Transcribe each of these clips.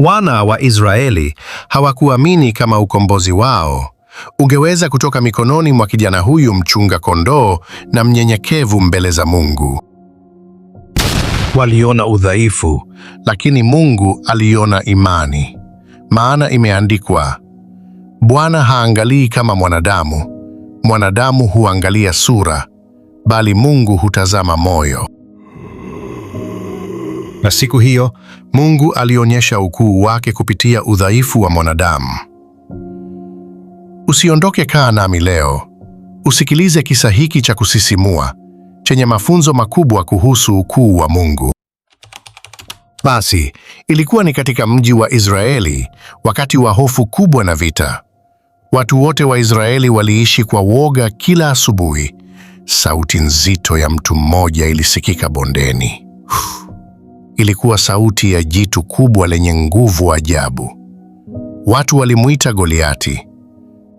Wana wa Israeli hawakuamini kama ukombozi wao ungeweza kutoka mikononi mwa kijana huyu mchunga kondoo na mnyenyekevu mbele za Mungu. Waliona udhaifu, lakini Mungu aliona imani. Maana imeandikwa, Bwana haangalii kama mwanadamu. Mwanadamu huangalia sura, bali Mungu hutazama moyo. Na siku hiyo Mungu alionyesha ukuu wake kupitia udhaifu wa mwanadamu. Usiondoke, kaa nami leo usikilize kisa hiki cha kusisimua chenye mafunzo makubwa kuhusu ukuu wa Mungu. Basi, ilikuwa ni katika mji wa Israeli wakati wa hofu kubwa na vita. Watu wote wa Israeli waliishi kwa woga. Kila asubuhi, sauti nzito ya mtu mmoja ilisikika bondeni ilikuwa sauti ya jitu kubwa lenye nguvu ajabu. Watu walimuita Goliati.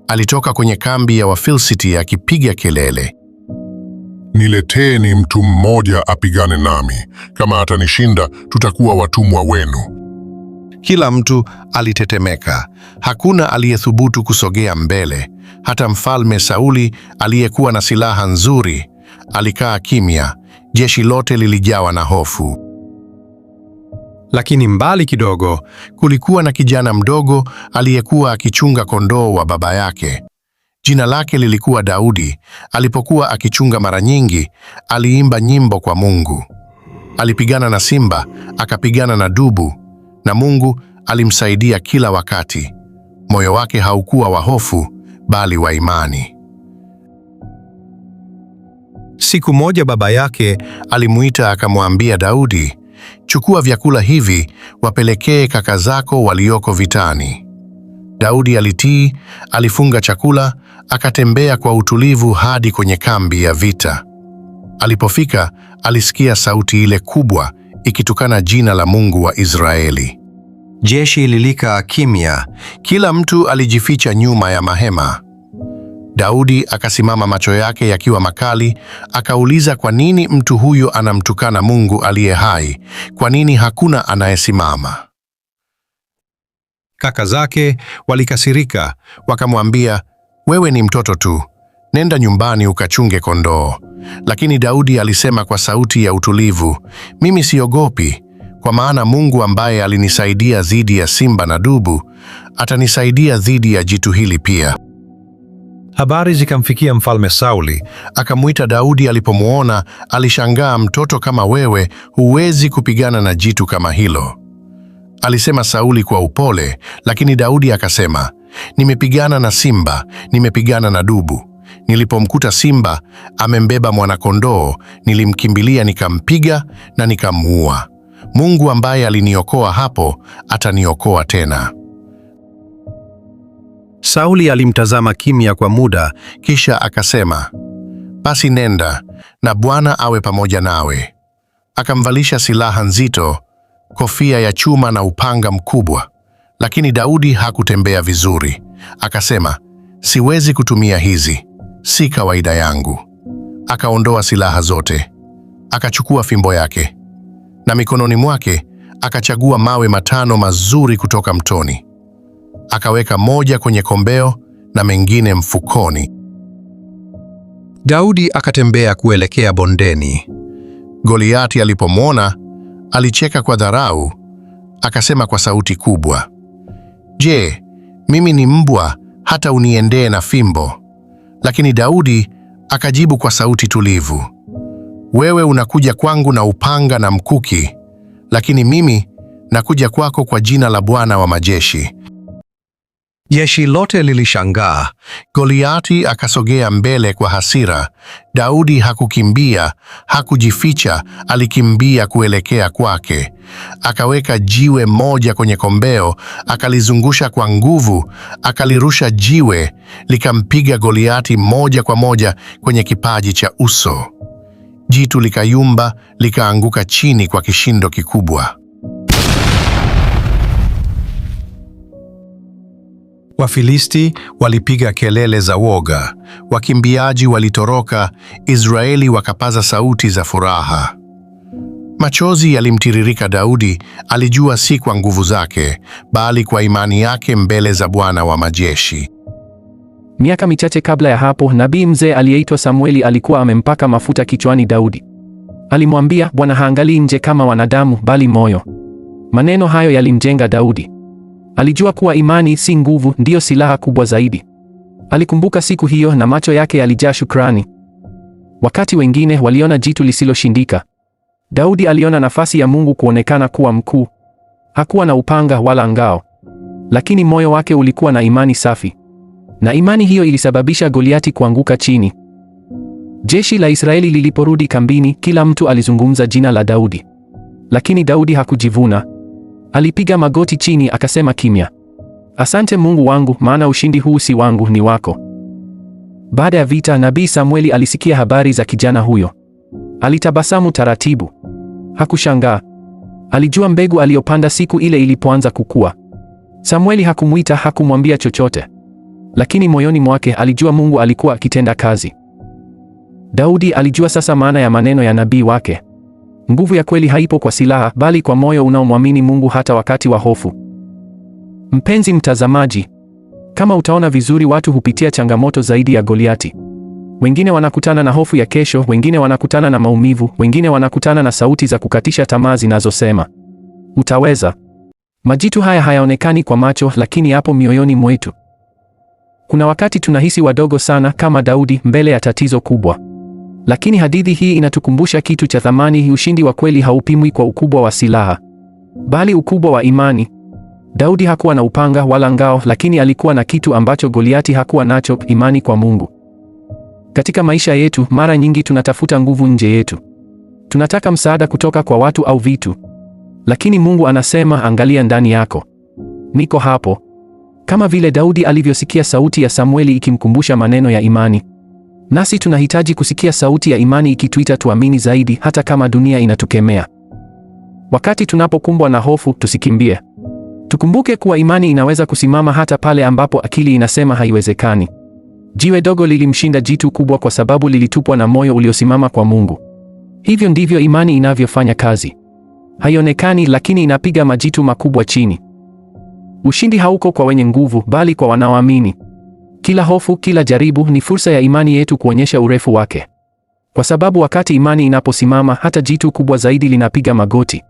Alitoka kwenye kambi ya Wafilisti akipiga kelele, nileteni mtu mmoja apigane nami, kama atanishinda tutakuwa watumwa wenu. Kila mtu alitetemeka, hakuna aliyethubutu kusogea mbele. Hata mfalme Sauli aliyekuwa na silaha nzuri alikaa kimya. Jeshi lote lilijawa na hofu. Lakini mbali kidogo kulikuwa na kijana mdogo aliyekuwa akichunga kondoo wa baba yake. Jina lake lilikuwa Daudi. Alipokuwa akichunga, mara nyingi aliimba nyimbo kwa Mungu. Alipigana na simba, akapigana na dubu, na Mungu alimsaidia kila wakati. Moyo wake haukuwa wa hofu, bali wa imani. Siku moja baba yake alimuita akamwambia, Daudi, Chukua vyakula hivi wapelekee kaka zako walioko vitani. Daudi alitii, alifunga chakula, akatembea kwa utulivu hadi kwenye kambi ya vita. Alipofika, alisikia sauti ile kubwa ikitukana jina la Mungu wa Israeli. Jeshi lilika kimya, kila mtu alijificha nyuma ya mahema. Daudi akasimama, macho yake yakiwa makali, akauliza kwa nini mtu huyu anamtukana Mungu aliye hai? Kwa nini hakuna anayesimama? Kaka zake walikasirika, wakamwambia, wewe ni mtoto tu, nenda nyumbani ukachunge kondoo. Lakini Daudi alisema kwa sauti ya utulivu, mimi siogopi, kwa maana Mungu ambaye alinisaidia dhidi ya simba na dubu, atanisaidia dhidi ya jitu hili pia. Habari zikamfikia mfalme Sauli, akamwita Daudi. Alipomwona alishangaa, mtoto kama wewe huwezi kupigana na jitu kama hilo, alisema Sauli kwa upole, lakini Daudi akasema, nimepigana na simba, nimepigana na dubu. Nilipomkuta simba amembeba mwanakondoo, nilimkimbilia nikampiga na nikamuua. Mungu ambaye aliniokoa hapo ataniokoa tena. Sauli alimtazama kimya kwa muda, kisha akasema, basi nenda na Bwana awe pamoja nawe. Akamvalisha silaha nzito, kofia ya chuma na upanga mkubwa. Lakini Daudi hakutembea vizuri, akasema, siwezi kutumia hizi, si kawaida yangu. Akaondoa silaha zote, akachukua fimbo yake na mikononi mwake akachagua mawe matano mazuri kutoka mtoni akaweka moja kwenye kombeo na mengine mfukoni. Daudi akatembea kuelekea bondeni. Goliati alipomwona alicheka kwa dharau, akasema kwa sauti kubwa, Je, mimi ni mbwa hata uniendee na fimbo? Lakini Daudi akajibu kwa sauti tulivu, wewe unakuja kwangu na upanga na mkuki, lakini mimi nakuja kwako kwa jina la Bwana wa majeshi Jeshi lote lilishangaa. Goliati akasogea mbele kwa hasira. Daudi hakukimbia, hakujificha, alikimbia kuelekea kwake. Akaweka jiwe moja kwenye kombeo, akalizungusha kwa nguvu, akalirusha jiwe, likampiga Goliati moja kwa moja kwenye kipaji cha uso. Jitu likayumba, likaanguka chini kwa kishindo kikubwa. Wafilisti walipiga kelele za woga, wakimbiaji walitoroka, Israeli wakapaza sauti za furaha. Machozi yalimtiririka Daudi, alijua si kwa nguvu zake, bali kwa imani yake mbele za Bwana wa majeshi. Miaka michache kabla ya hapo, nabii mzee aliyeitwa Samueli alikuwa amempaka mafuta kichwani Daudi. Alimwambia, Bwana haangalii nje kama wanadamu, bali moyo. Maneno hayo yalimjenga Daudi. Alijua kuwa imani si nguvu, ndiyo silaha kubwa zaidi. Alikumbuka siku hiyo na macho yake yalijaa shukrani. Wakati wengine waliona jitu lisiloshindika, Daudi aliona nafasi ya Mungu kuonekana kuwa mkuu. Hakuwa na upanga wala ngao, lakini moyo wake ulikuwa na imani safi, na imani hiyo ilisababisha Goliati kuanguka chini. Jeshi la Israeli liliporudi kambini, kila mtu alizungumza jina la Daudi, lakini Daudi hakujivuna. Alipiga magoti chini akasema kimya, asante Mungu wangu, maana ushindi huu si wangu, ni wako. Baada ya vita, nabii Samueli alisikia habari za kijana huyo. Alitabasamu taratibu, hakushangaa. Alijua mbegu aliyopanda siku ile ilipoanza kukua. Samueli hakumwita, hakumwambia chochote, lakini moyoni mwake alijua Mungu alikuwa akitenda kazi. Daudi alijua sasa maana ya maneno ya nabii wake. Nguvu ya kweli haipo kwa silaha, bali kwa moyo unaomwamini Mungu hata wakati wa hofu. Mpenzi mtazamaji, kama utaona vizuri, watu hupitia changamoto zaidi ya Goliati. Wengine wanakutana na hofu ya kesho, wengine wanakutana na maumivu, wengine wanakutana na sauti za kukatisha tamaa zinazosema utaweza. Majitu haya hayaonekani kwa macho, lakini yapo mioyoni mwetu. Kuna wakati tunahisi wadogo sana kama Daudi mbele ya tatizo kubwa. Lakini hadithi hii inatukumbusha kitu cha thamani: ushindi wa kweli haupimwi kwa ukubwa wa silaha, bali ukubwa wa imani. Daudi hakuwa na upanga wala ngao, lakini alikuwa na kitu ambacho Goliati hakuwa nacho, imani kwa Mungu. Katika maisha yetu, mara nyingi tunatafuta nguvu nje yetu. Tunataka msaada kutoka kwa watu au vitu. Lakini Mungu anasema, angalia ndani yako. Niko hapo. Kama vile Daudi alivyosikia sauti ya Samueli ikimkumbusha maneno ya imani. Nasi tunahitaji kusikia sauti ya imani ikituita tuamini zaidi, hata kama dunia inatukemea. Wakati tunapokumbwa na hofu, tusikimbie. Tukumbuke kuwa imani inaweza kusimama hata pale ambapo akili inasema haiwezekani. Jiwe dogo lilimshinda jitu kubwa kwa sababu lilitupwa na moyo uliosimama kwa Mungu. Hivyo ndivyo imani inavyofanya kazi. Haionekani, lakini inapiga majitu makubwa chini. Ushindi hauko kwa wenye nguvu, bali kwa wanaoamini. Kila hofu, kila jaribu ni fursa ya imani yetu kuonyesha urefu wake. Kwa sababu wakati imani inaposimama, hata jitu kubwa zaidi linapiga magoti.